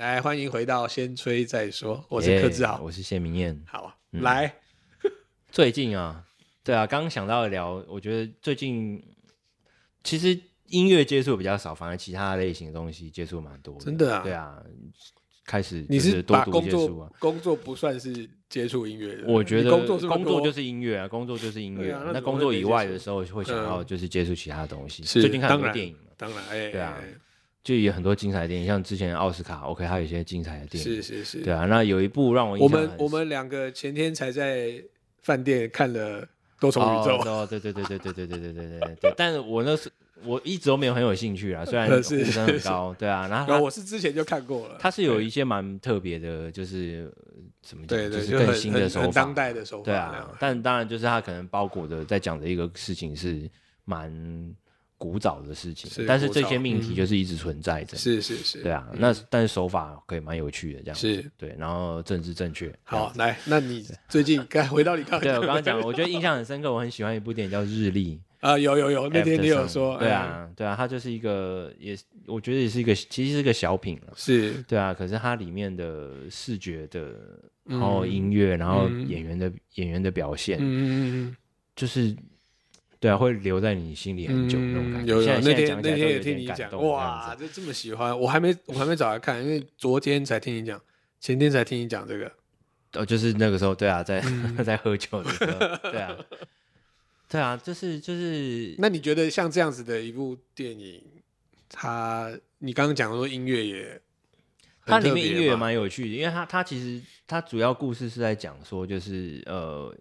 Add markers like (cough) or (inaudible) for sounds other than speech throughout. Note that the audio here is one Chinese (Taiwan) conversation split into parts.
來，歡迎回到先吹再說。我是柯智豪、欸，我是謝明諺。好、啊，嗯、來， (laughs) 最近啊，對啊，剛想到聊，我覺得最近其實音樂接觸比較少，反而其他類型的東西接觸蠻多。真的啊，對啊，開始是多接觸、啊、你是把工作工作不算是接觸音樂，我覺得工作工作就是音樂啊，工作就是音樂、啊。 (laughs) 啊、那，那，那工作以外的時候會想要就是接觸其他東西。是最近看電影當？當然，欸欸欸對啊。就有很多精彩的電影，像之前奧斯卡，OK，還有一些精彩的電影。是是是。對啊，那有一部讓我印象很深。我們我們兩個前天才在飯店看了《多重宇宙》。哦，對對對對對對對對對對對， (laughs) 對。但是我那時我一直都沒有很有興趣啦，雖然呼聲很高。對啊，然後我是之前就看過了。它是有一些蠻特別的，就是什麼？對對，就是更新的手法，當代的手法。對啊，但當然就是它可能包裹的在講的一個事情是蠻。古早的事情，但是這些命題就是一直存在着，是是是，對啊，那但是手法可以蠻有趣的，這樣是，對，然後政治正確，好，來，那你最近，剛回到你剛剛對我剛剛講，我覺得印象很深刻，我很喜歡一部電影叫《日曆》啊，有有有，那天你有說，對啊對啊，它就是一個，也我覺得也是一個，其實是個小品了，是對啊，可是它裡面的視覺的，然後音樂，然後演員的演員的表現，嗯嗯嗯，就是。對啊，會留在你心裡很久那種感覺。那天有那天有聽你講，哇，就這，這麼喜歡，我還沒我還沒找來看， (laughs) 因為昨天才聽你講，前天才聽你講這個，哦，就是那個時候，對啊，在在喝酒的時候，嗯、 (laughs) (laughs) 對啊，對啊，就是就是，那你覺得像這樣子的一部電影，它你剛剛講說音樂也，它裡面音樂也蠻有趣的，因為它它其實它主要故事是在講說就是呃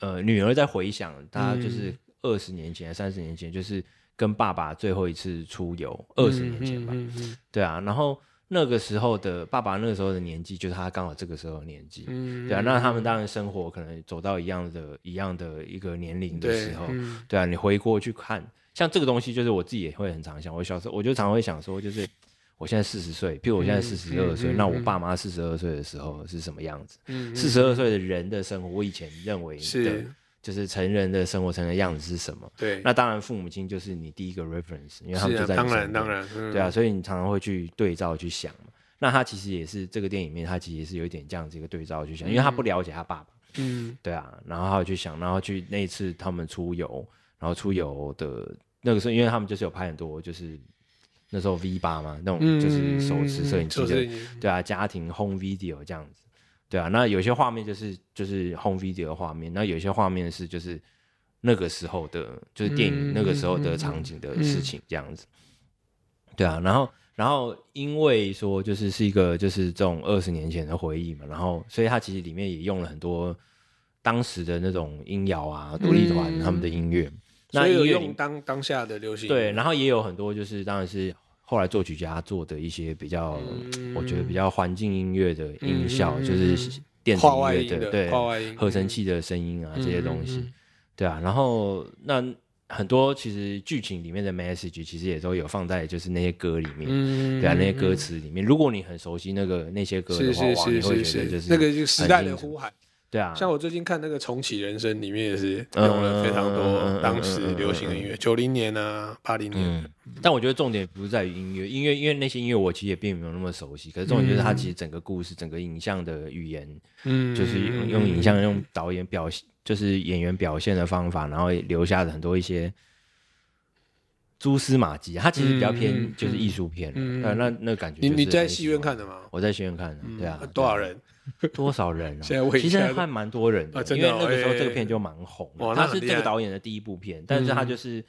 呃女兒在回想，她就是。嗯二十年前，三十年前，就是跟爸爸最後一次出遊，二十年前吧，嗯嗯嗯嗯、對啊。然後那個時候的爸爸，那個時候的年紀，就是他剛好這個時候的年紀，嗯、對啊。那他們當然生活可能走到一樣的、一樣的一個年齡的時候，對，嗯、對啊。你回過去看，像這個東西，就是我自己也會很常想。我小時候，我就常，常會想說，就是我現在四十歲，譬如我現在四十二歲，嗯嗯嗯、那我爸媽四十二歲的時候是什麼樣子？四十二歲的人的生活，我以前認為的是。就是成人的生活，成人的樣子是什麼？對，那當然父母親就是你第一個 reference，因為他們就在身邊。是啊，當然當然，當然嗯、對啊，所以你常常會去對照去想嘛。那他其實也是這個電影裡面，他其實也是有一點這樣子一個對照去想，嗯、因為他不了解他爸爸。嗯，對啊，然後他會去想，然後去那一次他們出遊，然後出遊的那個時候，因為他們就是有拍很多，就是那時候 V 八嘛，那種就是手持攝影機的，嗯、對啊，家庭 home video 這樣子。對啊，那有些畫面就是就是 home video 的畫面，那有些畫面是就是那個時候的，就是電影那個時候的場景的事情，這樣子。嗯嗯嗯、對啊，然後然後因為說就是是一個就是這種二十年前的回憶嘛，然後所以它其實裡面也用了很多當時的那種音搖啊，獨立團他們的音樂。嗯、那也有用當當下的流行。對，然後也有很多就是當然是。後來作曲家做的一些比較，我覺得比較環境音樂的音效，就是電子音樂的，對，合成器的聲音啊，這些東西，對啊。然後那很多其實劇情裡面的 message 其實也都有放在就是那些歌裡面，對啊，那些歌詞裡面。如果你很熟悉那個那些歌的話，你會覺得就是那個就是時代的呼喊。像我最近看那個《重啟人生》裡面也是用了非常多當時流行的音樂，九零、嗯、年啊，八零年、嗯。但我覺得重點不是在於音樂，音樂，因為因為那些音樂我其實也並沒有那麼熟悉。可是重點就是他其實整個故事、嗯、整個影像的語言，嗯、就是用，用影像、用導演表現，就是演員表現的方法，然後留下的很多一些。蛛絲馬跡，它其實比較偏就是藝術片那那那感覺。你你在戲院看的嗎？我在戲院看的，對啊。多少人？多少人？其實還蠻多人的，因為那個時候這個片就蠻紅，它是這個導演的第一部片，但是它就是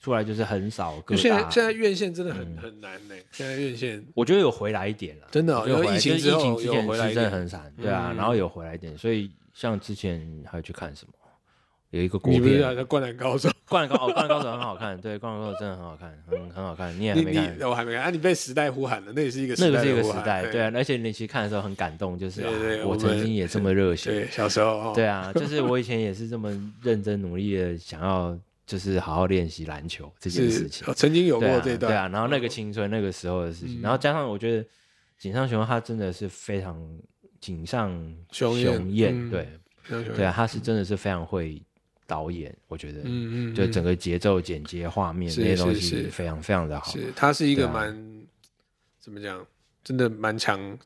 出來就是很少。現在現在院線真的很很難呢。現在院線。我覺得有回來一點了，真的，因為疫情疫情之前是真的很慘，對啊，然後有回來一點，所以像之前還要去看什麼？有一個故事，你不知道《灌籃高手》？《灌籃高》哦，《灌籃高手》很好看，對，《灌籃高手》真的很好看，很很好看，你還沒看？我還沒看啊！你被時代呼喊了，那也是一個時代，那個是一個時代，對啊，而且你其實看的時候很感動，就是我曾經也這麼熱血，對，小時候，對啊，就是我以前也是這麼認真努力的，想要就是好好練習籃球這件事情，曾經有過這段，對啊，然後那個青春那個時候的事情，然後加上我覺得井上雄，他真的是非常井上雄彥，對，對啊，他是真的是非常會。導演，我覺得，嗯嗯，就整個節奏、剪接、畫面嗯嗯嗯那些東西是非常非常的好。是，是，是，是他是一個蠻怎麼講，真的蠻強、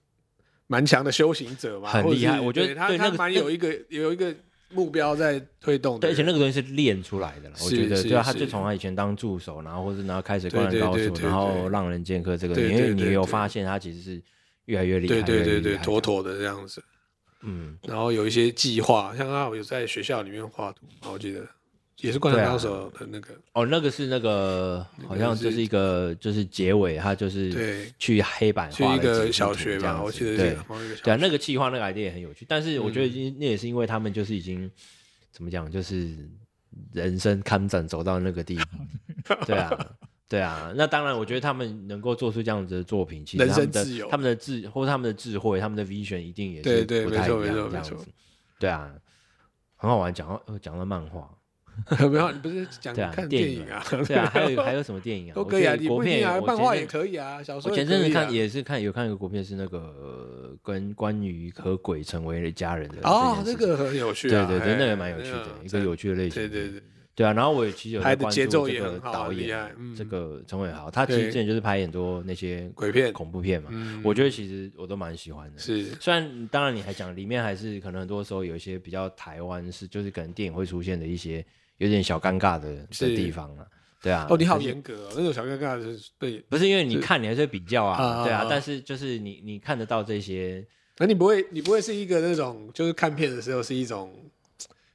蠻強的修行者嘛，很厲害。我覺得他他蠻有一個有一個目標在推動的，而且那個東西是練出來的。我覺得對啊，他就從他以前當助手，然後或是然後開始灌籃高手，然後浪人劍客這個，因為你有發現他其實是越來越厲害，對對對，對，妥妥的這樣子。嗯，然後有一些計劃，像剛有在學校裡面畫圖，我記得也是灌籃高手的那個、啊、哦，那個是那個，那個好像就是一個就是結尾，他就是對去黑板畫個去一個小學吧，我記得，記得對對，對、啊，那個企劃那個 idea 也很有趣，但是我覺得已經、嗯、那也是因為他們就是已經怎麼講，就是人生開展走到那個地方， (laughs) (laughs) 對啊。對啊，那當然，我覺得他們能夠做出這樣子的作品，其實他們的、他們的智或者他們的智慧、他們的 vision 一定也是不太一樣這樣子。對對，沒錯沒錯沒錯，對啊，很好玩，講到講到漫畫，沒有，你不是講看電影啊？對啊，還有還有什麼電影啊？都可以啊，國片啊，漫畫也可以啊。小說，我前陣子看也是看有看一個國片，是那個跟關於和鬼成為了家人的啊，這個很有趣，對對，對那個蠻有趣的，一個有趣的類型，對對對。對啊，然後我也其實有在關注這個導演，這個程偉豪，他其實之前就是拍很多那些鬼片、恐怖片嘛。片嗯、我覺得其實我都蠻喜歡的。是，雖然當然你還講裡面還是可能很多時候有一些比較台灣式，就是可能電影會出現的一些有點小尷尬的，是的地方啊。對啊，哦，你好嚴格、哦，是那種小尷尬的就是？對，不是因為你看，你還是會比較啊，啊啊啊啊對啊。但是就是你你看得到這些，那、啊、你不會你不會是一個那種就是看片的時候是一種。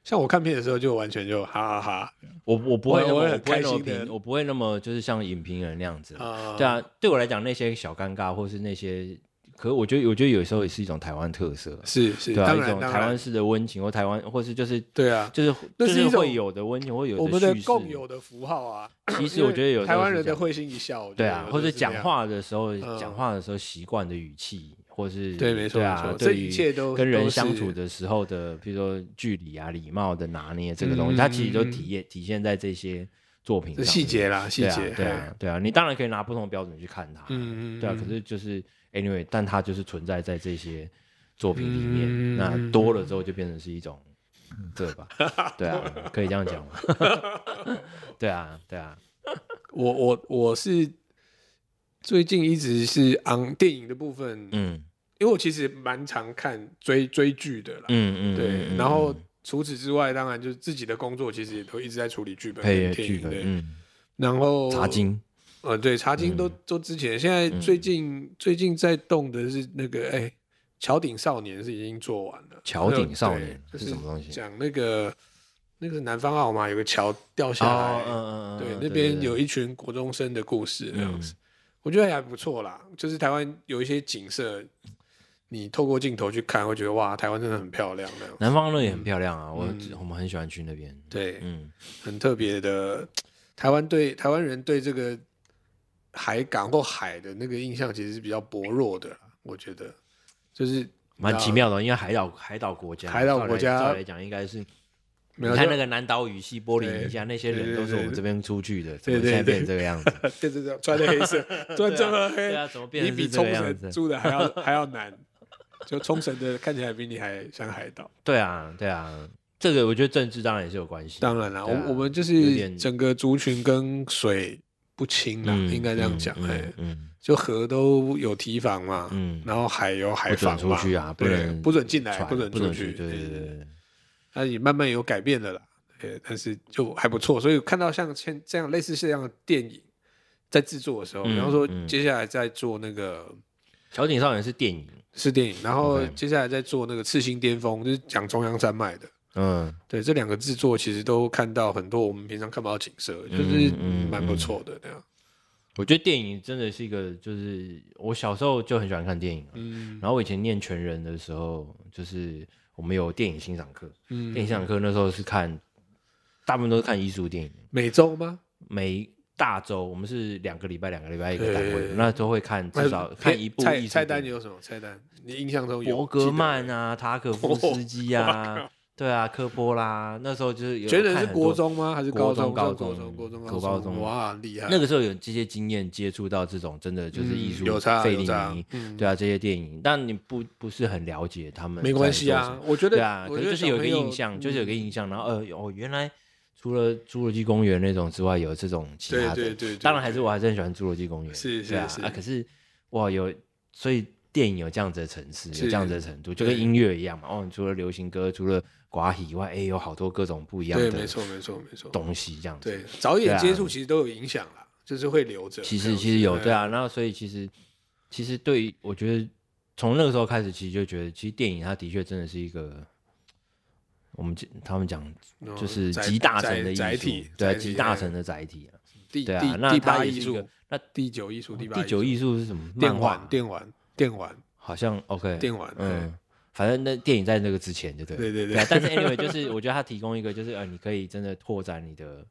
像我看片的時候就完全就哈哈哈，我我不會那麼開心，我不會那麼就是像影評人那樣子。對啊，對我來講那些小尷尬或是那些，可我覺得我覺得有時候也是一種台灣特色，是是啊，一種台灣式的溫情或台灣或是就是對啊，就是這是會有的溫情或有的共有的符號啊。其實我覺得有台灣人的會心一笑，對啊，或者講話的時候，講話的時候習慣的語氣。或是對沒錯啊，這一切都跟人相處的時候的，譬如說距離啊、禮貌的拿捏這個東西，它其實都體驗體現在這些作品上細節啦，細節對啊，對啊，你當然可以拿不同的標準去看它，嗯嗯，對啊，可是就是 anyway，但它就是存在在這些作品裡面，那多了之後就變成是一種，對吧？對啊，可以這樣講嗎？對啊，對啊，我我我是最近一直是 on 電影的部分，嗯。因為我其實蠻常看追追劇的啦，嗯嗯，對，然後除此之外，當然就是自己的工作，其實也都一直在處理劇本、配劇，對，然後茶金，呃，對，茶金都都之前，現在最近最近在動的是那個，哎，橋頂少年是已經做完了。橋頂少年是什麼東西？講那個那個南方澳嘛，有個橋掉下來，嗯嗯對，那邊有一群國中生的故事那樣子，我覺得還不錯啦，就是台灣有一些景色。你透過鏡頭去看，會覺得哇，台灣真的很漂亮。南方人也很漂亮啊，我我們很喜歡去那邊。對，嗯，很特別的。台灣對台灣人對這個海港或海的那個印象，其實是比較薄弱的。我覺得就是蠻奇妙的，因為海島海島國家，海島國家來講，應該是你看那個南島語系玻里尼西亞那些人，都是我們這邊出去的，才變這個樣子。對對對，穿的黑色，穿這麼黑，你比沖繩住的還要還要難？就沖繩的看起來比你還像海島，對啊，對啊，這個我覺得政治當然也是有關係，當然啦，我我們就是整個族群跟水不清啦，應該這樣講，哎，就河都有堤防嘛，然後海有海防嘛，對，不准進來，不准出去，對對對，那也慢慢有改變的啦，哎，但是就還不錯，所以看到像像這樣類似這樣的電影在製作的時候，比方說接下來在做那個《小井少年》是電影。是電影，然後接下來再做那個《赤心巔峰》Okay，就是講中央山脈的。嗯，對，這兩個制作其實都看到很多我們平常看不到景色，就是蠻不錯的那、嗯嗯嗯嗯、樣。我覺得電影真的是一個，就是我小時候就很喜歡看電影、啊。嗯，然後我以前念全人的時候，就是我們有電影欣賞課。嗯，電影欣賞課那時候是看，大部分都是看藝術電影。每周嗎？每。大周，我們是兩個禮拜兩個禮拜一個單位，那都會看至少看一部菜菜單，你有什麼菜單？你印象中有伯格曼啊，塔可夫斯基啊，對啊，科波拉。那時候就是覺得，是國中嗎？還是高中？高中、高中、高中、高中。哇，厲害！那個時候有這些經驗，接觸到這種真的就是藝術，費里尼，對啊，這些電影，但你不不是很了解他們。沒關係啊，我覺得啊，可是就是有一個印象，就是有一個印象，然後呃，哦，原來。除了《侏羅紀公園》那種之外，有這種其他的，當然還是我還是很喜歡《侏羅紀公園》。是是，是啊。啊，可是哇，有所以電影有這樣子的層次，有這樣子的程度，是 就跟音樂一樣嘛。對 哦，你除了流行歌，除了寡喜以外，哎、欸，有好多各種不一樣的，沒錯，沒錯，沒錯，東西這樣。這樣子對，早一點接觸其實都有影響啦，就是會留着、啊。其實其實有對啊，然後、嗯、所以其實其實對我覺得從那個時候開始，其實就覺得其實電影它的確真的是一個。我們他們講就是集大成的載體，對集大成的載體啊，對啊，那它那第九藝術，第九藝術是什麼？漫畫、電玩、電玩，好像 OK，電玩，嗯，反正那電影在那個之前，對不對？對對對。但是 anyway，就是我覺得它提供一個就是呃，你可以真的拓展你的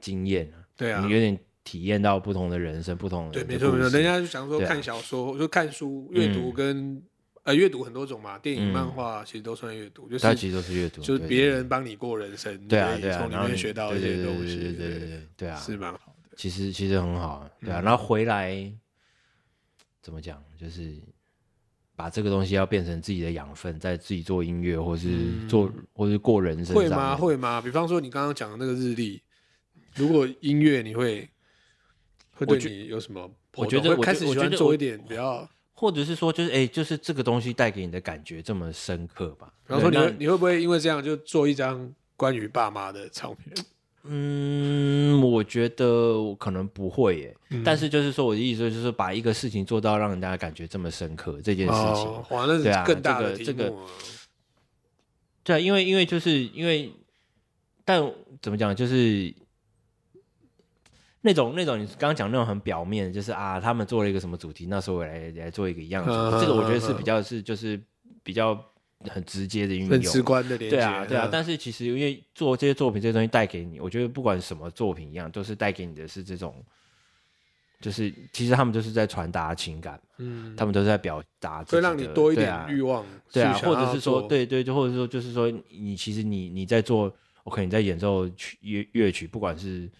經驗，對啊，你有點體驗到不同的人生，不同的對，沒錯沒錯，人家就想說看小說，就看書閱讀跟。呃，閱讀很多種嘛，電影、漫畫其實都算閱讀，就是其實都是閱讀，就是別人幫你過人生，對啊，從裡面學到一些東西，對對對對對，是蠻好的，其實其實很好，對啊，然後回來怎麼講，就是把這個東西要變成自己的養分，在自己做音樂，或是做，或是過人生，會嗎？會嗎？比方說你剛剛講的那個日曆，如果音樂你會會對你有什麼？我覺得我開始喜歡做一點比較。或者是說，就是哎、欸，就是這個東西帶給你的感覺這麼深刻吧？然後你會那你會不會因為這樣就做一張關於爸媽的唱片？嗯，我覺得我可能不會耶。嗯、但是就是說，我的意思就是把一個事情做到讓人家感覺這麼深刻這件事情，哦、那是啊對啊，更大的這個，對、這、啊、個，因為因為就是因為，但怎麼講就是。那種那種你剛剛講那種很表面，就是啊，他們做了一個什麼主題，那時候我來來做一個一樣的。呵呵，這個我覺得是比較是就是比較很直接的運用，很直觀的點，對啊，對啊。對啊，但是其實因為做這些作品，這些東西帶給你，我覺得不管什麼作品一樣，都是帶給你的是這種，就是其實他們就是在傳達情感，嗯，他們都是在表達，所以讓你多一點慾望，對啊，對啊，或者是說，對對，就或者說就是說你，你其實你你在做，OK，你在演奏曲樂樂，樂曲，不管是。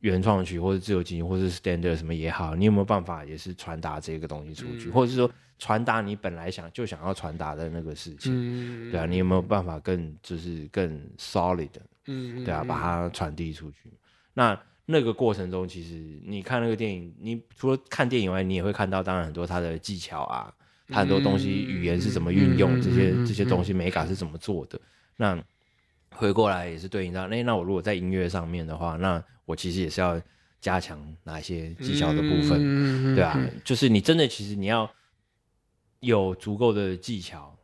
原創曲或者自由基，或者 standard 什麼也好，你有沒有辦法也是傳達這個東西出去，嗯、或者是說傳達你本來想就想要傳達的那個事情，嗯、對啊，你有沒有辦法更就是更 solid，嗯，對啊，把它傳遞出去。那、嗯嗯、那個過程中，其實你看那個電影，你除了看電影以外，你也會看到，當然很多它的技巧啊，它很多東西語言是怎麼運用，嗯嗯嗯嗯、這些這些東西美感是怎麼做的。那回過來也是對應到，那、欸、那我如果在音樂上面的話，那我其實也是要加強哪一些技巧的部分，嗯、對啊，嗯、就是你真的其實你要有足夠的技巧，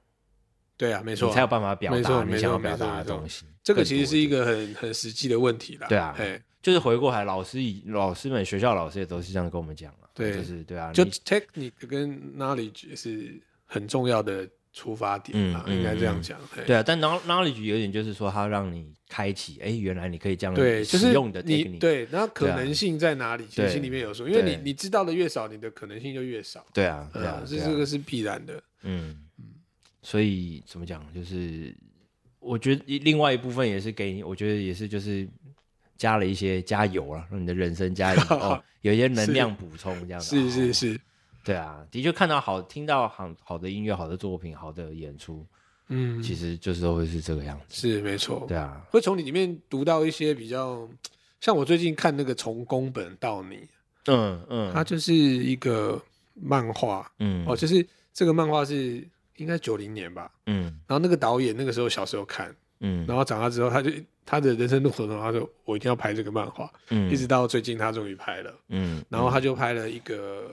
對啊，沒錯，你才有辦法表達你想要表達的東西。這個其實是一個很很實際的問題了。對啊，就是回過來老師老師們、學校老師也都是這樣跟我們講了。對，就是對啊，就 take 你跟 knowledge 是很重要的。出發點啊，應該這樣講。對啊，但 knowledge 有點就是說，它讓你開啟，哎，原來你可以這樣使用的。對，就是你對那可能性在哪裡？你心裡面有說，因為你你知道的越少，你的可能性就越少。對啊，對啊，這這個是必然的。嗯，所以怎麼講？就是我覺得另外一部分也是給你，我覺得也是就是加了一些加油啊，讓你的人生加油，有一些能量補充，這樣是是是。對啊，的確看到好，聽到好好的音樂、好的作品、好的演出，嗯，其實就是會是這個樣子，是沒錯。對啊，會從裡面讀到一些比較，像我最近看那個《從宮本到你》，嗯嗯，嗯，它就是一個漫畫，嗯，哦，就是這個漫畫是應該九零年吧，嗯，然後那個導演那個時候小時候看，嗯，然後長大之後他就他的人生路途中，他說我一定要拍這個漫畫，嗯，一直到最近他終於拍了，嗯，然後他就拍了一個。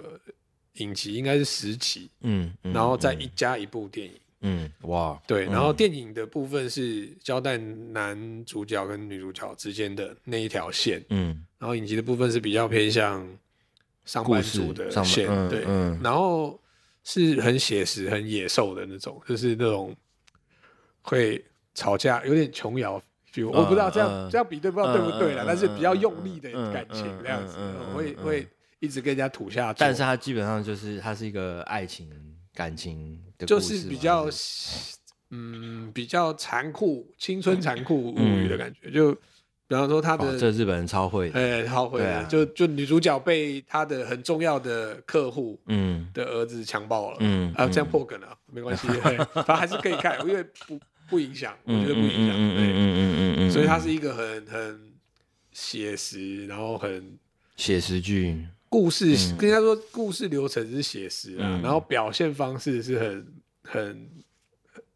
影集應該是十集，嗯，嗯，嗯嗯嗯、然後再一加一部電影，嗯，哇，對，然後電影的部分是交代男主角跟女主角之間的那一條線，嗯，嗯，然後影集的部分是比較偏向上班族的線，對，然後是很寫實、很野獸的那種，就是那種會吵架，有點瓊瑤，比如我不知道這樣這樣比對，不知道對不對了，um um 但是比較用力的感情這樣子，會會、um uh uh um 哦。一直跟人家吐下去，但是他基本上就是他是一個愛情感情的故事，就是比較嗯比較殘酷青春殘酷物語的感覺。就比方說他的這日本人超會，哎，超會啊！就就女主角被他的很重要的客戶的兒子強暴了，嗯啊，這樣破梗了沒關係，對，反正還是可以看，因為不不影響，我覺得不影響，嗯嗯嗯嗯嗯所以他是一個很很寫實，然後很寫實劇。故事，跟人家說故事流程是寫實啊，嗯、然後表現方式是很很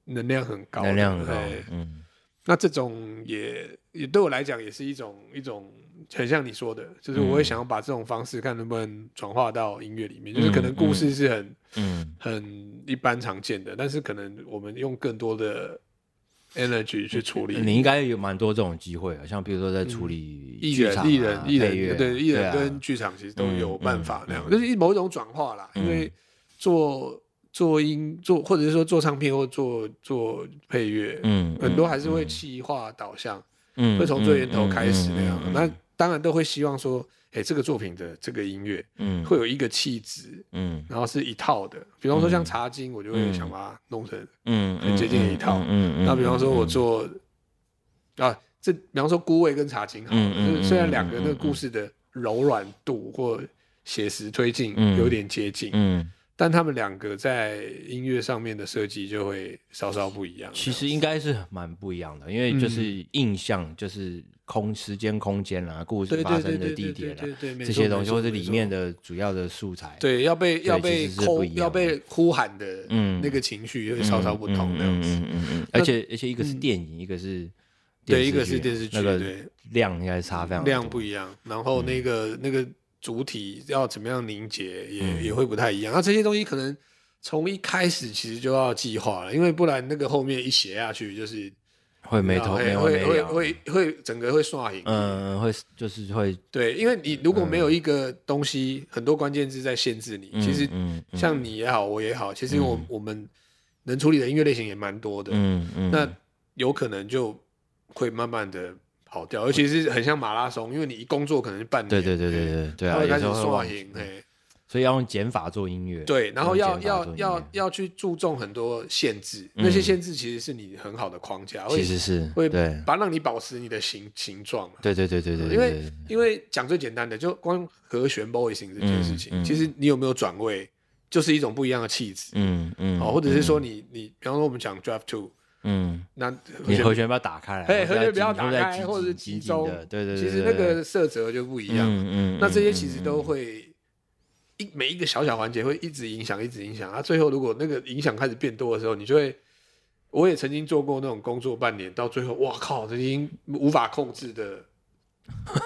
能量很高，能量很高。嘿嗯、那這種也也對我來講也是一種一種很像你說的，就是我也想要把這種方式看能不能轉化到音樂裡面，嗯、就是可能故事是很、嗯、很一般常見的，但是可能我們用更多的。Energy 去處理， (laughs) 你應該有蠻多這種機會啊，像比如說在處理藝人、藝人、藝人對，對啦藝人跟劇場其實都有辦法、嗯、那樣，就是某一種轉化啦。嗯、因為做做音做，或者是說做唱片或做做配樂、嗯，嗯，很多還是會企劃導向，嗯，會從最源頭開始那樣，那。當然都會希望說，哎、欸，這個作品的這個音樂，嗯，會有一個氣質，嗯，然後是一套的。比方說像《茶金》，嗯，我就會想把它弄成、嗯，嗯，很接近的一套。嗯那，嗯、比方說，我做，嗯，啊，這比方說孤味跟茶金好》嗯。嗯，雖然兩個那個故事的柔軟度或寫實推進有點接近，嗯，嗯，但他們兩個在音樂上面的設計就會稍稍不一樣樣。其實應該是蠻不一樣的，因為就是印象就是。空時間、空間啦，故事發生的地點啦，這些東西或者裡面的主要的素材。對，要被要被呼要被呼喊的，嗯，那個情緒有點稍稍不同那樣子。嗯嗯，而且而且一個是電影，一個是對，一個是電視劇，對，量應該是差非常量不一樣。然後那個那個主體要怎麼樣凝結，也也會不太一樣。那這些東西可能從一開始其實就要計劃了，因為不然那個後面一寫下去就是。會沒頭，會會會會整個會刷影，嗯，會就是會，對，因為你如果沒有一個東西，很多關鍵字在限制你，其實像你也好，我也好，其實我我們能處理的音樂類型也蠻多的，嗯嗯，那有可能就會慢慢的跑掉，尤其是很像馬拉松，因為你一工作可能是半天，對對對對對對啊，他會開始刷影。所以要用減法做音樂，對，然後要要要要去注重很多限制，那些限制其實是你很好的框架，其實是會把讓你保持你的形形狀。對對對對對。因為因為講最簡單的，就光和弦 voicing 這件事情，其實你有沒有轉位，就是一種不一樣的氣質。嗯嗯。哦，或者是說你你，比方說我們講 drive two，嗯，那你和弦不要打開，哎，和弦不要打開，或者是集中，對對。其實那個色澤就不一樣了。嗯嗯。那這些其實都會。一每一個小小環節會一直影響，一直影響。他、啊、最後如果那個影響開始變多的時候，你就會，我也曾經做過那種工作半年，到最後，哇靠，已經無法控制的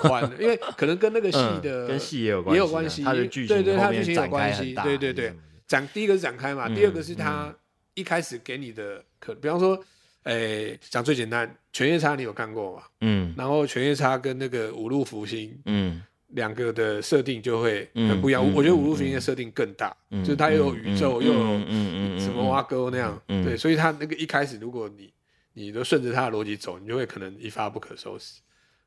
寬，因為可能跟那個戲的、 (laughs) 嗯，跟戲也有也有關係、啊，他的劇情的對，對對，他的劇情有關係，對對對。展，第一個是展開嘛，嗯、第二個是他一開始給你的可，可、嗯、比方說，誒、欸，講最簡單，《犬夜叉》你有看過嗎？嗯，然後《犬夜叉》跟那個《五路福星》，嗯。兩個的設定就會很不一樣，嗯嗯嗯嗯嗯、我覺得《五路神仙》的設定更大，嗯、就是它又有宇宙，又有、嗯嗯嗯嗯、什麼挖溝那樣，嗯、對，所以它那個一開始，如果你，你都順着它的邏輯走，你就會可能一發不可收拾，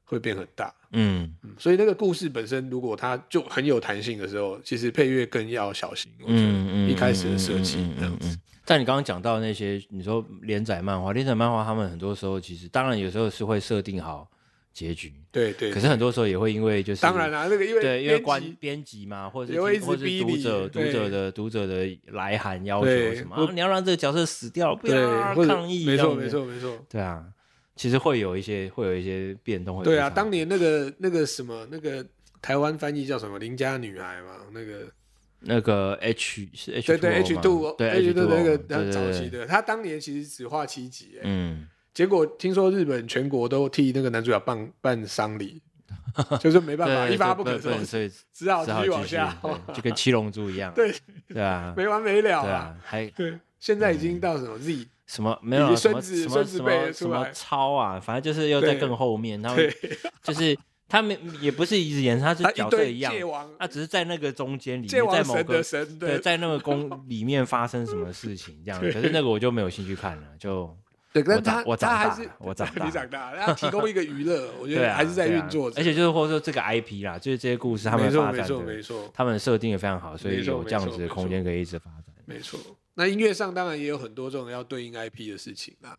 會變很大，嗯，所以那個故事本身如果它就很有彈性的時候，其實配樂更要小心，我覺得一開始的設計這樣子。但你剛剛講到那些，你說連載漫畫，連載漫畫他們很多時候其實，當然有時候是會設定好。結局對對，可是很多時候也會因為就是當然了，那個因為對因為編編輯嘛，或者或者讀者讀者的讀者的來函要求什麼，你要讓這個角色死掉，不要抗議，沒錯沒錯沒錯，對啊，其實會有一些會有一些變動，對啊，當年那個那個什麼那個台灣翻譯叫什麼鄰家女孩嘛，那個那個 H 是 H 對對 H2 對 H2 那個早期的，他當年其實只畫七集，嗯。結果聽說日本全國都替那個男主角，辦辦喪禮，就是沒辦法，一發不可收拾，只好繼續往下，就跟七龍珠一樣，對對啊，沒完沒了啊，還，對，現在已經到什麼 Z 什麼沒有什麼什麼什麼超啊，反正就是又在更後面，然後就是他們也不是一直演，他是角色一樣，他只是在那個中間裡，在某個神，對，在那個宮裡面發生什麼事情這樣，可是那個我就沒有興趣看了，就。對，但他他還是我長你長大，他提供一個娛樂，我覺得還是在運作。而且就是或者說這個 IP 啦，就是這些故事他們發展沒錯沒錯沒錯，他們設定也非常好，所以有這樣子的空間可以一直發展。沒錯，那音樂上當然也有很多這種要對應 IP 的事情啦，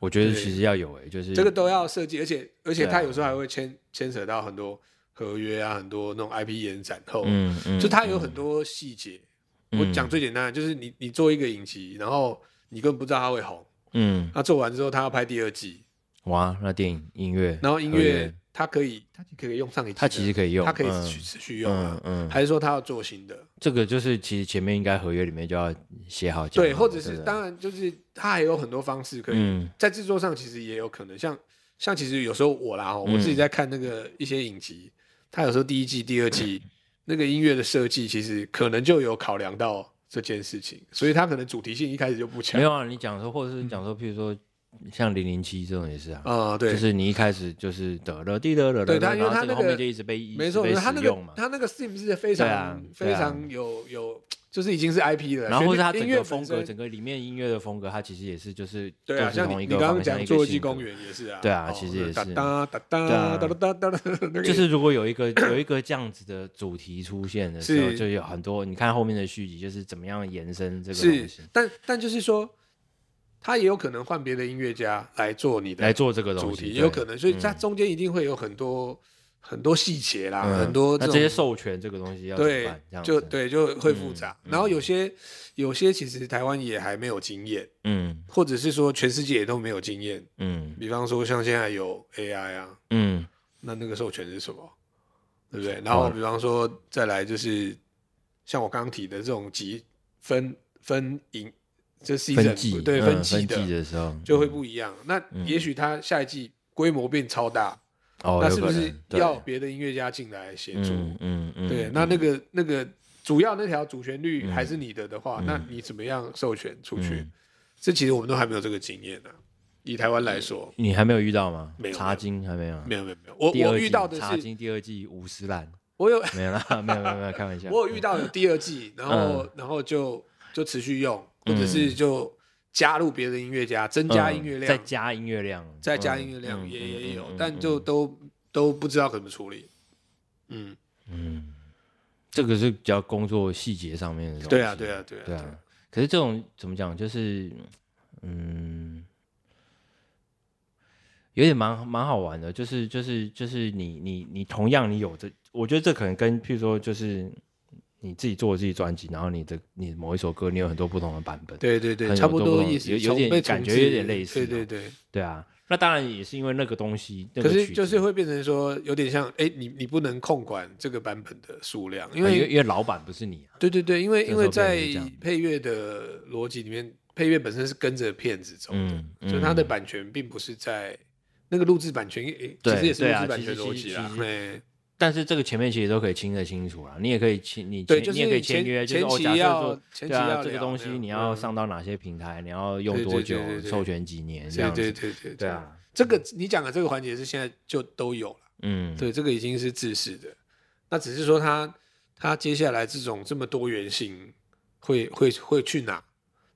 我覺得其實要有哎，就是這個都要設計，而且而且他有時候還會牽牽扯到很多合約啊，很多那種 IP 延展後，嗯嗯，就它有很多細節。我講最簡單的，就是你你做一個影集，然後你根本不知道它會紅。嗯，那做完之後，他要拍第二季，哇！那電影音樂，然後音樂，他可以，他可以用上一季，他其實可以用，他可以持持續用啊，嗯，還是說他要做新的？這個就是其實前面應該合約裡面就要寫好，對，或者是當然就是他還有很多方式可以，在制作上其實也有可能，像像其實有時候我啦，我自己在看那個一些影集，他有時候第一季、第二季那個音樂的設計，其實可能就有考量到這件事情，所以他可能主題性一開始就不強。沒有啊，你講說，或者是你講說，譬如說、嗯、像零零七這種也是啊，啊、哦、對，就是你一開始就是得了，得得，對，他因為他那個後面、那個、就一直被沒錯，沒錯他那個，他那個是不是非常、啊啊、非常有有？就是已經是 IP 了，然後或者它整個音樂風格、整個裡面音樂的風格，它其實也是就是對啊，像你剛剛講《侏羅紀公園》也是啊，對啊，其實也是就是如果有一個有一個這樣子的主題出現的時候，就有很多你看後面的續集就是怎麼樣延伸這個東西。但但就是說，它也有可能換別的音樂家來做你的來做這個主題，有可能，所以在中間一定會有很多。很多細節啦，很多他這些授權這個東西要對，就對就會複雜。然後有些有些其實台灣也還沒有經驗，嗯，或者是說全世界也都沒有經驗，嗯。比方說像現在有 AI 啊，嗯，那那個授權是什麼，對不對？然後比方說再來就是像我剛剛提的這種集分分營，這是一整體，對，分季的，分季的時候就會不一樣。那也許他下一季規模變超大。那是不是要別的音樂家進來協助？嗯嗯，對，那那個那個主要那條主旋律還是你的的話，那你怎麼樣授權出去？這其實我們都還沒有這個經驗呢。以台灣來說，你還沒有遇到嗎？沒有，茶金還沒有。沒有沒有沒有，我我遇到的是茶金第二季五十嵐，我有沒有啦，沒有沒有沒有，開玩笑。我有遇到有第二季，然後然後就就持續用，或者是就。加入別的音樂家，增加音樂量，嗯，再加音樂量，再加音樂量也，嗯，也也有，嗯嗯嗯嗯，但就都，嗯嗯嗯，都不知道怎麼處理。嗯嗯，這個是比較工作細節上面的東西。對啊對啊對啊。對啊，可是這種怎麼講，就是嗯，有點蠻蠻好玩的，就是就是就是你你你同樣你有這，我覺得這可能跟譬如說就是。你自己做自己專輯，然後你的你某一首歌，你有很多不同的版本。對對對，很很不同的，差不多意思有，有點感覺有點類似。對對對，對啊。那當然也是因為那個東西，那個、可是就是會變成說有點像，哎、欸，你你不能控管這個版本的數量，因為、欸、因為老闆不是你啊。對對對，因為因為在配樂的邏輯裡面，配樂本身是跟着片子走的，嗯嗯、所以它的版權並不是在那個錄製版權，欸、對其實也是錄製版權的邏輯啊。但是這個前面其實都可以清得清楚啊你也可以簽，你你也可以簽約，就是我假設說，對啊，這個東西你要上到哪些平台，你要用多久，授權幾年，這樣對對對對啊。這個你講的這個環節是現在就都有了，嗯，對，這個已經是制式的。那只是說他他接下來這種這麼多元性會會會去哪，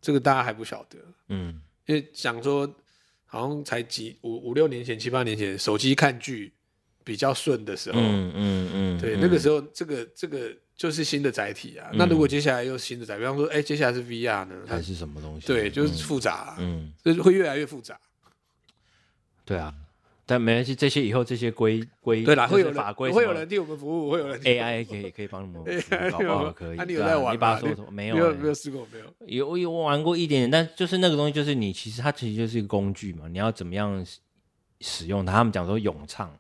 這個大家還不曉得，嗯，因為想說好像才幾五五六年前七八年前手機看劇。比較順的時候，嗯嗯嗯，對，那個時候這個這個就是新的載體啊。那如果接下來又新的載，比方說，哎，接下來是 VR 呢，還是什麼東西？對，就是複雜，嗯，就是會越來越複雜。對啊，但沒關係，這些以後這些規規，對了，會有法規，會有人替我們服務，會有人 AI 可以可以幫我們，好不好？可以。那你有在玩？你把說什麼？沒有，沒有試過，沒有。有有玩過一點點，但就是那個東西，就是你其實它其實就是一個工具嘛，你要怎麼樣使用它？他們講說詠唱。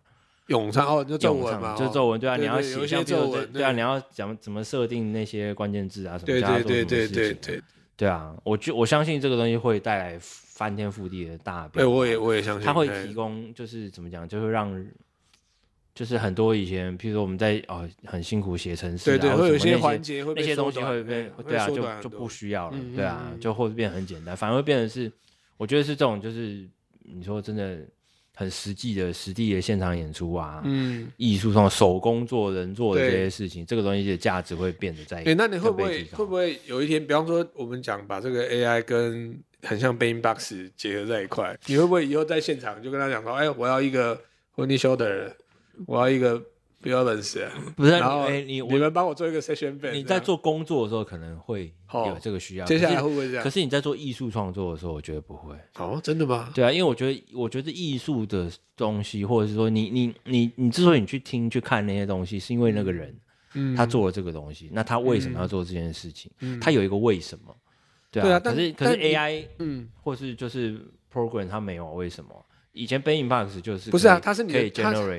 詠唱哦，就作文嘛，就作文對啊，你要寫一下作文對啊，你要講怎麼設定那些關鍵字啊什麼？對對對對對對對啊！我覺我相信這個東西會帶來翻天覆地的大變。對，我也我也相信。他會提供，就是怎麼講，就會讓就是很多以前，譬如說我們在哦很辛苦寫程式，對對，會有些環節那些東西會被對啊，就就不需要了，對啊，就會變得很簡單，反而會變得是我覺得是這種就是你說真的。很實際的、實地的現場演出啊，嗯，藝術上手工做人做的這些事情，對這個東西的價值會變得在。對、欸，那你會不會會不會有一天，比方說我們講把這個 AI 跟很像 Bainbox 結合在一塊，你會不會以後在現場就跟他講說，哎、 (laughs) 欸，我要一個婚禮秀的人，我要一個。不要冷血，不是，然後你你們幫我做一個 session band。你在做工作的時候，可能會有這個需要。接下來會不會這樣？可是你在做藝術創作的時候，我覺得不會。哦，真的嗎？對啊，因為我覺得，我覺得藝術的東西，或者是說，你你你你，之所以你去聽、去看那些東西，是因為那個人，嗯，他做了這個東西，那他為什麼要做這件事情？他有一個為什麼？對啊，可是可是 AI，嗯，或是就是 program，他沒有為什麼。以前，Band-in-box 就是不是啊？他是你的，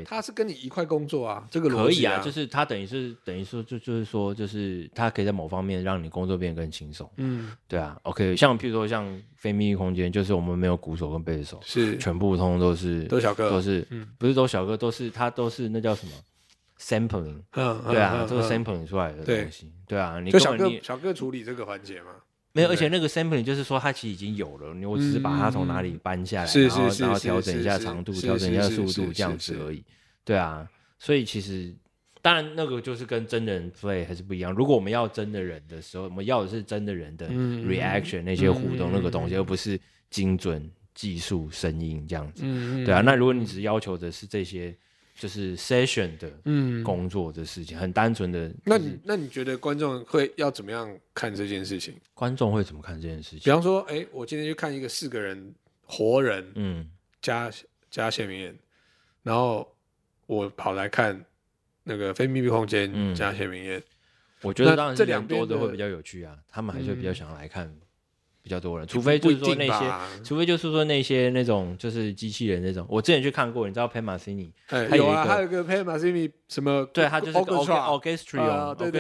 他是跟你一塊工作啊。這個邏輯。可以啊，就是他等於是等於說，就就是說，就是他可以在某方面讓你工作變得更輕鬆。嗯，對啊。OK，像譬如說，像非密閉空間，就是我們沒有鼓手跟貝手，是全部通通都是都是小哥，都是不是都小哥，都是他都是那叫什麼 sampling。嗯，對啊，這個 sampling 出來的東西，對啊，你小哥小哥處理這個環節嗎？沒有，而且那個 sampling 就是說，它其實已經有了，我只是把它從哪裡搬下來，然後然後調整一下長度，調整一下速度這樣子而已。對啊，所以其實當然那個就是跟真人 play 還是不一樣。如果我們要真的人的時候，我們要的是真的人的 reaction，那些互動那個東西，而不是精準技術聲音這樣子。對啊，那如果你只是要求的是這些。就是 session 的工作的事情，嗯、很單純的、就是。那你那你覺得觀眾會要怎麼樣看這件事情？觀眾會怎麼看這件事情？比方說，哎，我今天去看一個四個人活人，嗯，加加謝明諺，然後我跑來看那個非密閉空間、嗯、加謝明諺，嗯、我覺得當然這兩多的會比較有趣啊，他們還是比較想要來看。比較多人，除非就是說那些，除非就是說那些那種就是機器人那種。我之前去看過，你知道 Pat Metheny 有啊，他有個 Pat Metheny 什麼？對，他就是個 Orchestrion，對，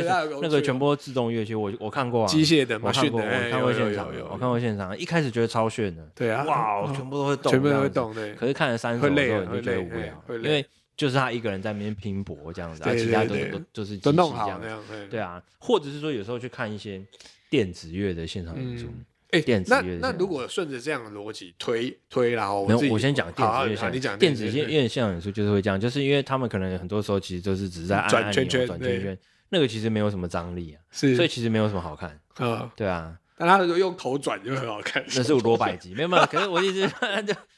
那個全部自動樂器，我我看過啊，機械的，我看過，我看過現場，我看過現場，一開始覺得超炫的，對啊，哇，全部都會動，全部會動的。可是看了三十分鐘之後你就覺得無聊，因為就是他一個人在那邊拼搏這樣子，對對對，其他都都是機器這樣，對啊，或者是說有時候去看一些電子樂的現場演出。哎，那那如果順着這樣的邏輯推推，然後我先講電子樂，你講電子樂現場有時候就是會這樣，就是因為他們可能很多時候其實都是只是在轉圈圈轉圈圈，那個其實沒有什麼張力啊，所以其實沒有什麼好看啊，對啊，但他如果用頭轉就很好看，那是羅百吉，沒有嘛？可是我一直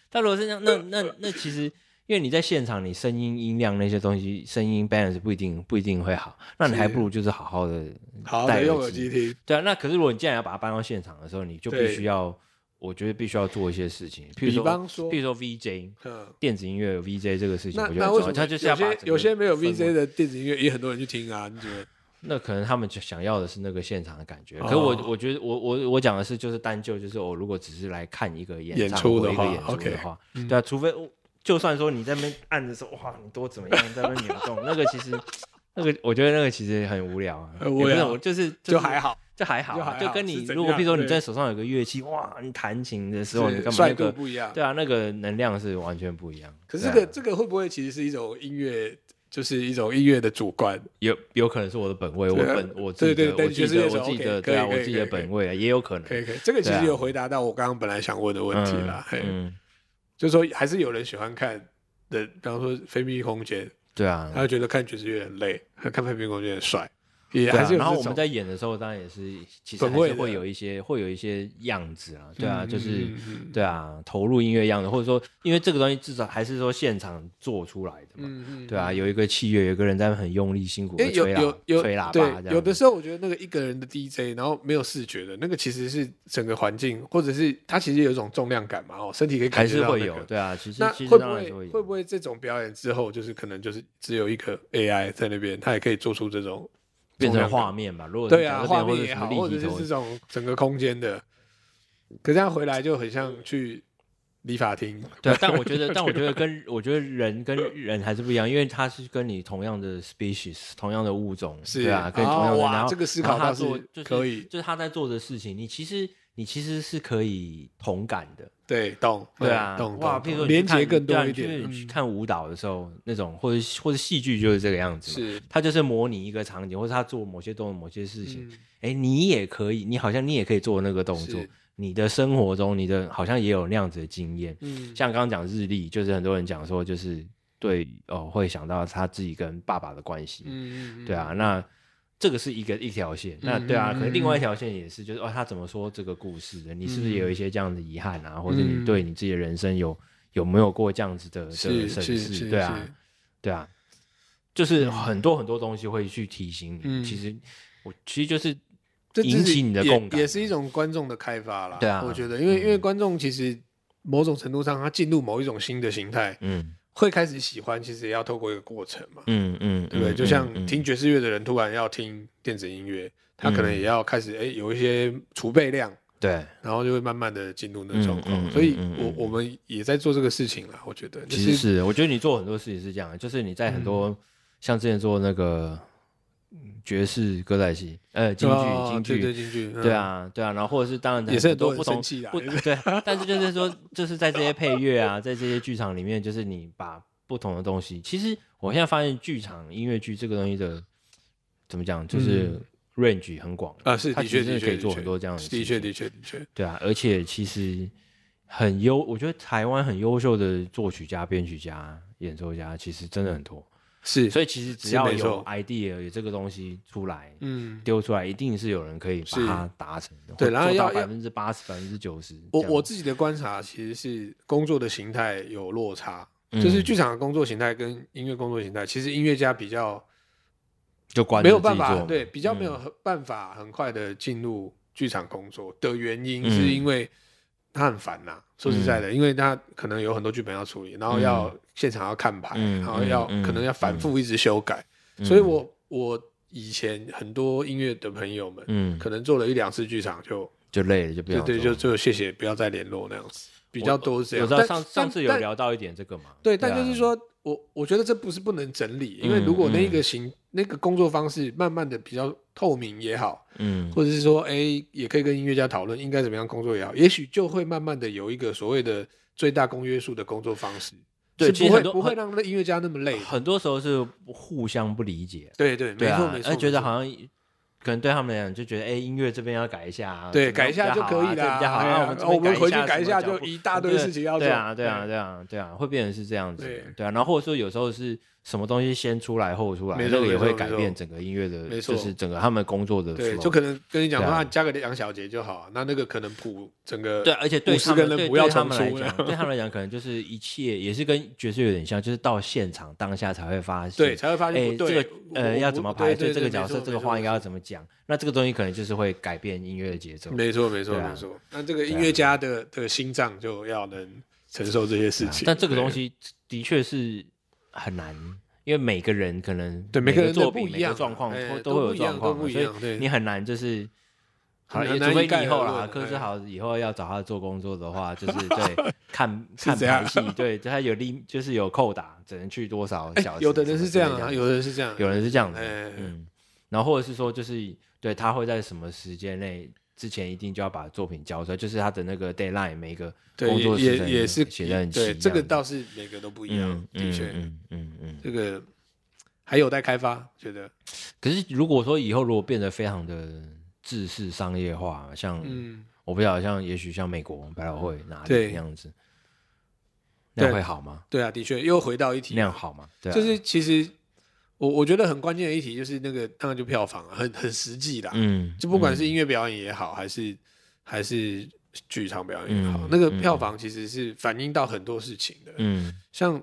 他如果是這樣，那那那其實。因為你在現場，你聲音音量那些東西，聲音 balance 不一定不一定會好，那你還不如就是好好的，好好的用耳機聽。對啊，那可是如果你既然要把它搬到現場的時候，你就必須要，對我覺得必須要做一些事情，譬如說，譬如說 V J，呵電子音樂 V J 這個事情，我覺得他就是要把有些沒有 V J 的電子音樂也很多人去聽啊，你覺得那可能他們就想要的是那個現場的感覺。哦、可是我我覺得我我我講的是就是單就就是我如果只是來看一個演出的一個演出的話，對啊，Okay 嗯、除非就算說你在那邊按着說哇，你多怎麼樣，在那邊扭動，那個其實，那個我覺得那個其實也很無聊啊。我覺得我就是就還好，就還好，就跟你如果比如說你在手上有個樂器哇，你彈琴的時候，你帥哥不一樣，對啊，那個能量是完全不一樣。可是這個這個會不會其實是一種音樂，就是一種音樂的主觀？有，有可能是我的本位，我本我對對，我覺得我自己的對啊，我自己的本位啊，也有可能。可以可以，這個其實有回答到我剛剛本來想問的問題啦。嗯。就是說，還是有人喜歡看的，比方說《飛秘空間》，對啊，他就覺得看爵士樂很累，看《飛秘空間》很帥。也還是，啊、然後我們在演的時候當然也是，其實還是會有一些會有一些樣子啊，對啊，就是對啊，投入音樂樣子，或者說因為這個東西至少還是說現場做出來的嘛，對啊，有一個器樂，有個人在那很用力辛苦吹、欸，有有吹喇叭對，有的時候我覺得那個一個人的 DJ，然後沒有視覺的那個其實是整個環境或者是他其實有一種重量感嘛，哦，身體可以感受到，對啊，其實那會不會會不會這種表演之後就是可能就是只有一顆 AI 在那邊，他也可以做出這種。變成畫面吧，如果對啊，畫面也好，或者是這種整個空間的，可是他回來就很像去理髮廳。 (laughs) (laughs) 對，但我覺得，但我覺得跟 (laughs) 我覺得人跟人還是不一樣，因為他是跟你同樣的 species， (laughs) 同樣的物種，對啊是啊，跟你同樣的。啊、然後哇，這個思考是他做，就是可以，就是他在做的事情，你其實。你其實是可以同感的，對，懂，對啊，懂動，哇，比如說你去對，連接更多一點、嗯、看舞蹈的時候那種，或者或者戲劇就是這個樣子，是，他就是模擬一個場景，或者他做某些動作、某些事情，哎、嗯欸，你也可以，你好像你也可以做那個動作，是你的生活中你的好像也有那樣子的經驗，嗯、像剛剛講日曆，就是很多人講說就是對，哦，會想到他自己跟爸爸的關係，嗯、對啊，那。這個是一個一條線，那對啊，嗯嗯嗯，可能另外一條線也是，就是哦，他怎麼說這個故事的？你是不是也有一些這樣的遺憾啊？嗯嗯，或者你對你自己的人生有有沒有過這樣子的、的審視？對啊，對啊，就是很多很多東西會去提醒你。嗯、其實，我其實就是引起你的共感，是也，也是一種觀眾的開發啦，對啊，我覺得，因為、嗯、因為觀眾其實某種程度上他進入某一種新的形態，嗯。會開始喜歡，其實也要透過一個過程嘛。嗯嗯，嗯，對不對？就像聽爵士樂的人，突然要聽電子音樂，他可能也要開始哎、嗯，有一些儲備量。對，然後就會慢慢的進入那種狀況。嗯嗯嗯嗯、所以我我們也在做這個事情啦，我覺得。其實我覺得你做很多事情是這樣，就是你在很多、嗯、像之前做那個。爵士歌仔戲，呃，京劇，京劇，京劇，對啊，對啊，然後或者是當然也是很多不同，不，對，但是就是說，就是在這些配樂啊，在這些劇場裡面，就是你把不同的東西，其實我現在發現，劇場音樂劇這個東西的，怎麼講，就是 range 很廣啊，是的確，的確可以做很多這樣的，的確，的確，的確，對啊，而且其實很優，我覺得台灣很優秀的作曲家、編曲家、演奏家，其實真的很多。是，所以其實只要有 idea 有這個東西出來，丟出來，嗯，丟出來，一定是有人可以把它達成的，對，然後做到百分之八十、百分之九十。我樣我自己的觀察其實是工作的形態有落差，嗯、就是劇場的工作形態跟音樂工作形態，其實音樂家比較就沒有辦法，對，比較沒有辦法很快的進入劇場工作的原因，是因為。他很煩吶，說實在的，因為他可能有很多劇本要處理，然後要現場要看牌，然後要可能要反覆一直修改，所以，我我以前很多音樂的朋友們，嗯，可能做了一兩次劇場就就累了，就不要對，就就謝謝，不要再聯絡那樣子，比較多這樣。我知道上上次有聊到一點這個嘛，對，但就是說。我我覺得這不是不能整理，因為如果那一個行、嗯嗯、那個工作方式慢慢的比較透明，也好，嗯，或者是說，哎，也可以跟音樂家討論應該怎麼樣工作也好，也許就會慢慢的有一個所謂的最大公約數的工作方式，對，不會其實不會讓那音樂家那麼累，很多時候是互相不理解，對對對啊，沒錯沒錯而覺得好像。可能對他們來講就覺得，哎、欸，音樂這邊要改一下，啊，對，啊、改一下就可以了。啊。好啊啊我們、哦、我們回去改一下，就一大堆事情要做對、啊。對啊，對啊，對啊，對啊，會變成是這樣子。對，對啊。然後或者說有時候是。什麼東西先出來後出來，沒錯，也會改變整個音樂的，就是整個他們工作的。對，就可能跟你講說，加個兩小節就好，那那個可能普，整個。對，而且對他們，對他們來講，對他們來講，可能就是一切也是跟角色有點像，就是到現場當下才會發現，對，才會發現欸，這個呃要怎麼排？對，這個角色，這個話應該要怎麼講？那這個東西可能就是會改變音樂的節奏。沒錯，沒錯，沒錯。那這個音樂家的的心臟就要能承受這些事情。但這個東西的確是。很難，因為每個人可能對每個人不一樣的狀況都會有狀況，所以你很難就是。好，除非以後啊，柯智豪以後要找他做工作的話，就是對看看排戲，對，他有利就是有扣打，只能去多少小時。有的人是這樣，有的人是這樣，有人是這樣的。嗯，然後或者是說，就是對他會在什麼時間內。之前一定就要把作品交出來，就是他的那個 deadline 每一個工作也也也是寫的很對，這個倒是每個都不一樣，嗯、的確確、嗯，嗯嗯嗯，嗯，這個還有待開發，覺得。可是如果說以後如果變得非常的制式商業化，像、嗯、我不曉得，像也許像美國百老匯拿對那樣子，對那會好嗎？啊、那樣好嗎？對啊，的確又回到一體。那樣好嗎？對，就是其實。我我覺得很關鍵的一題就是那個，當然就票房很很實際啦，嗯，就不管是音樂表演也好，還是還是劇場表演也好，那個票房其實是反映到很多事情的，嗯，像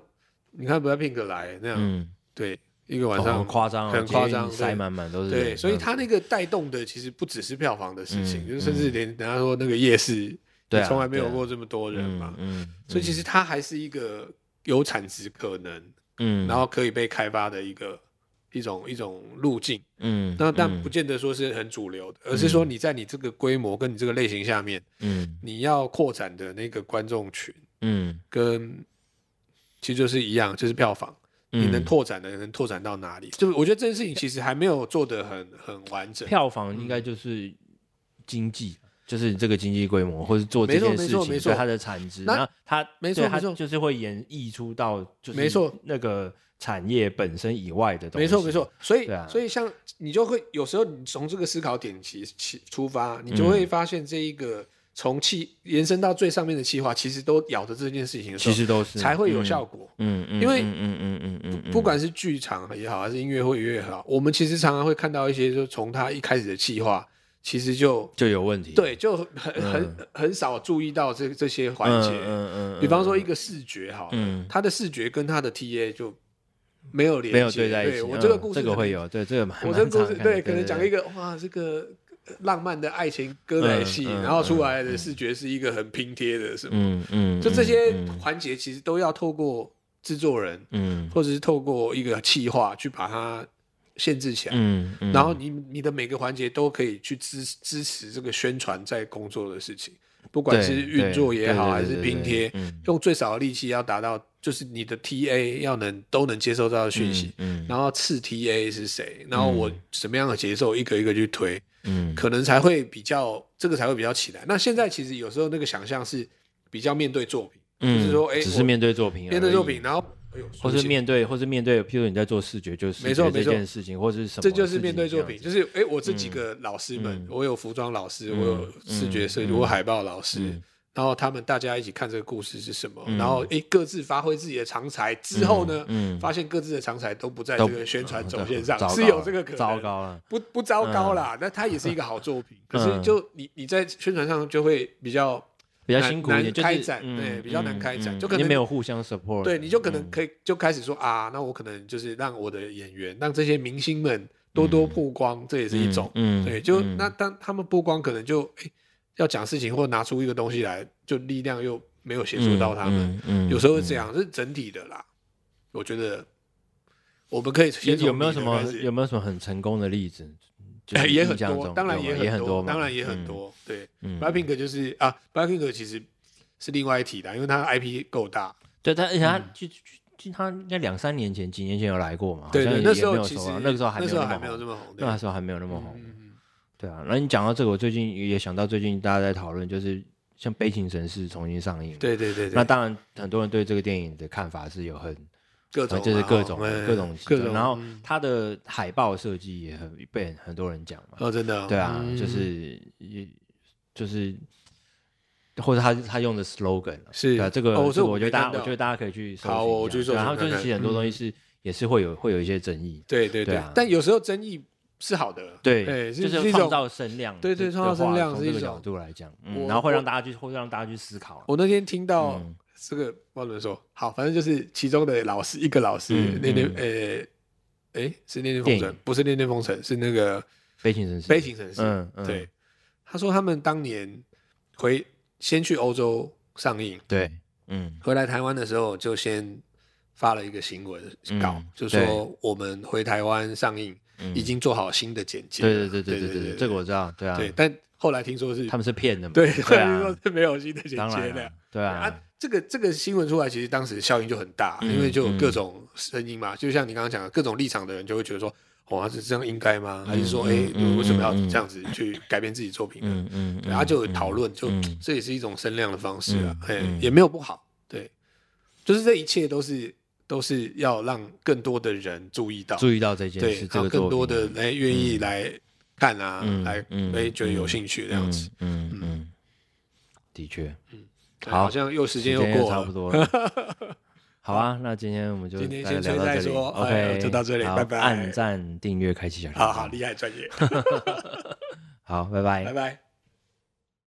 你看 BLACKPINK 來那樣，對，一個晚上很誇張，很誇張，塞滿滿都是，對，所以它那個帶動的其實不只是票房的事情，就甚至連人家說那個夜市，對，從來沒有過這麼多人嘛，嗯，所以其實它還是一個有產值可能，嗯，然後可以被開發的一個。一種一種路徑，嗯，那但不見得說是很主流的，而是說你在你這個規模跟你這個類型下面，嗯，你要擴展的那個觀眾群，嗯，跟其實就是一樣，就是票房，你能拓展的能拓展到哪裡？就我覺得這件事情其實還沒有做得很很完整。票房應該就是經濟，就是你這個經濟規模，或者做這件事情，所以它的產值，那它沒錯沒錯就是會演繹出到就是沒錯那個。產業本身以外的東西，沒錯沒錯，所以對、啊、所以像你就會有時候，你從這個思考點起起出發，你就會發現這一個從氣延伸到最上面的企劃，其實都咬着這件事情，其實都是才會有效果。嗯，因為嗯嗯嗯嗯不管是劇場也好，還是音樂會也好，我們其實常常會看到一些，就從他一開始的企劃，其實就就有問題，對，就很很很少注意到這這些環節。嗯嗯，比方說一個視覺哈，嗯，他的視覺跟他的 TA 就。沒有連，沒有對在一起。我這個故事，這個會有對這個蠻好的。我這個故事對，可能講一個哇，這個浪漫的愛情歌仔戲，然後出來的視覺是一個很拼貼的，是嗎？嗯嗯。就這些環節其實都要透過製作人，嗯，或者是透過一個企劃去把它限制起來，嗯，然後你你的每個環節都可以去支支持這個宣傳在工作的事情。不管是運作也好，還是拼貼，對對對對嗯，用最少的力氣要達到，就是你的 TA 要能都能接受到訊息，嗯嗯，然後次 TA 是誰，然後我什麼樣的節奏一個一個去推，嗯、可能才會比較這個才會比較起來。那現在其實有時候那個想象是比較面對作品，嗯、就是說，哎、欸，只是面對作品，面對作品，然後。或者面對，或是面對，譬如你在做視覺，就是沒錯沒錯這件事情，或者是什麼，這就是面對作品，就是誒，我這幾個老師們，我有服裝老師，我有視覺設計，我海報老師，然後他們大家一起看這個故事是什麼，然後誒，各自發揮自己的長才，之後呢，發現各自的長才都不在這個宣傳總線上，是有這個可能。糟糕了，不不糟糕啦，那它也是一個好作品，可是就你你在宣傳上就會比較比較辛苦，難開展，對，比較難開展，就可能沒有互相 support，對，你就可能可以就開始說啊，那我可能就是讓我的演員，讓這些明星們多多曝光，這也是一種，嗯，對，就那當他們曝光，可能就哎，要講事情或拿出一個東西來，就力量又沒有協助到他們，嗯，有時候是這樣，是整體的啦，我覺得我們可以有沒有什麼有沒有什麼很成功的例子？也很多，當然也很多，嘛，當然也很多。對 b l a c k i n g 就是啊 b l a c k i n k 其實是另外一提的，因為它 IP 夠大。對，他而且他就就他應該兩三年前，幾年前有來過嘛，好像那時候沒有啊，那個時候還沒那麼紅，那時候還沒有那麼紅。對啊，那你講到這個，我最近也想到最近大家在討論，就是像《悲情城市》重新上映，對對對，那當然很多人對這個電影的看法是有很。各種就是各種各種各種，然後它的海報設計也很被很多人講嘛。哦，真的對啊，就是就是或者他他用的 slogan 是這個，我覺得大家我覺得大家可以去搜集。好，我就是說，然後就是其實很多東西是也是會有會有一些爭議，對對對。但有時候爭議是好的，對，就是創造聲量，對對，創造聲量從這個角度來講，然後會讓大家去會讓大家去思考。我那天聽到。這個不知道怎麼說好，反正就是其中的老師，一個老師，戀戀、嗯嗯、誒誒，是戀戀風塵，影不是戀戀風塵，是那個悲情城市。悲情城市，嗯嗯、對。他說他們當年回先去歐洲上映，對，嗯，回來台灣的時候就先發了一個新聞稿，嗯、就說我們回台灣上映，嗯、已經做好新的剪輯。對對對對對對對，對對對對這個我知道，對啊。對，但。後來聽說是他們是騙的嘛？對，聽說是沒有新的銜接了。對啊，啊，這個這個新聞出來，其實當時效應就很大，因為就有各種聲音嘛。就像你剛剛講的，各種立場的人就會覺得說，哇，是這樣應該嗎？還是說，哎，為什麼要這樣子去改變自己作品呢？嗯嗯，他就討論，就這也是一種聲量的方式啊。哎，也沒有不好，對，就是這一切都是都是要讓更多的人注意到，注意到這件事，讓更多的人願意來。看啊，哎，哎，覺得有興趣這樣子，嗯嗯，的確，嗯，好像又時間又過了，差不多，好啊，那今天我們就今天先聊到這裡，OK，就到這裡，拜拜，按讚、訂閱、開啟小鈴鐺，好好厲害，專業，好，拜拜，拜拜。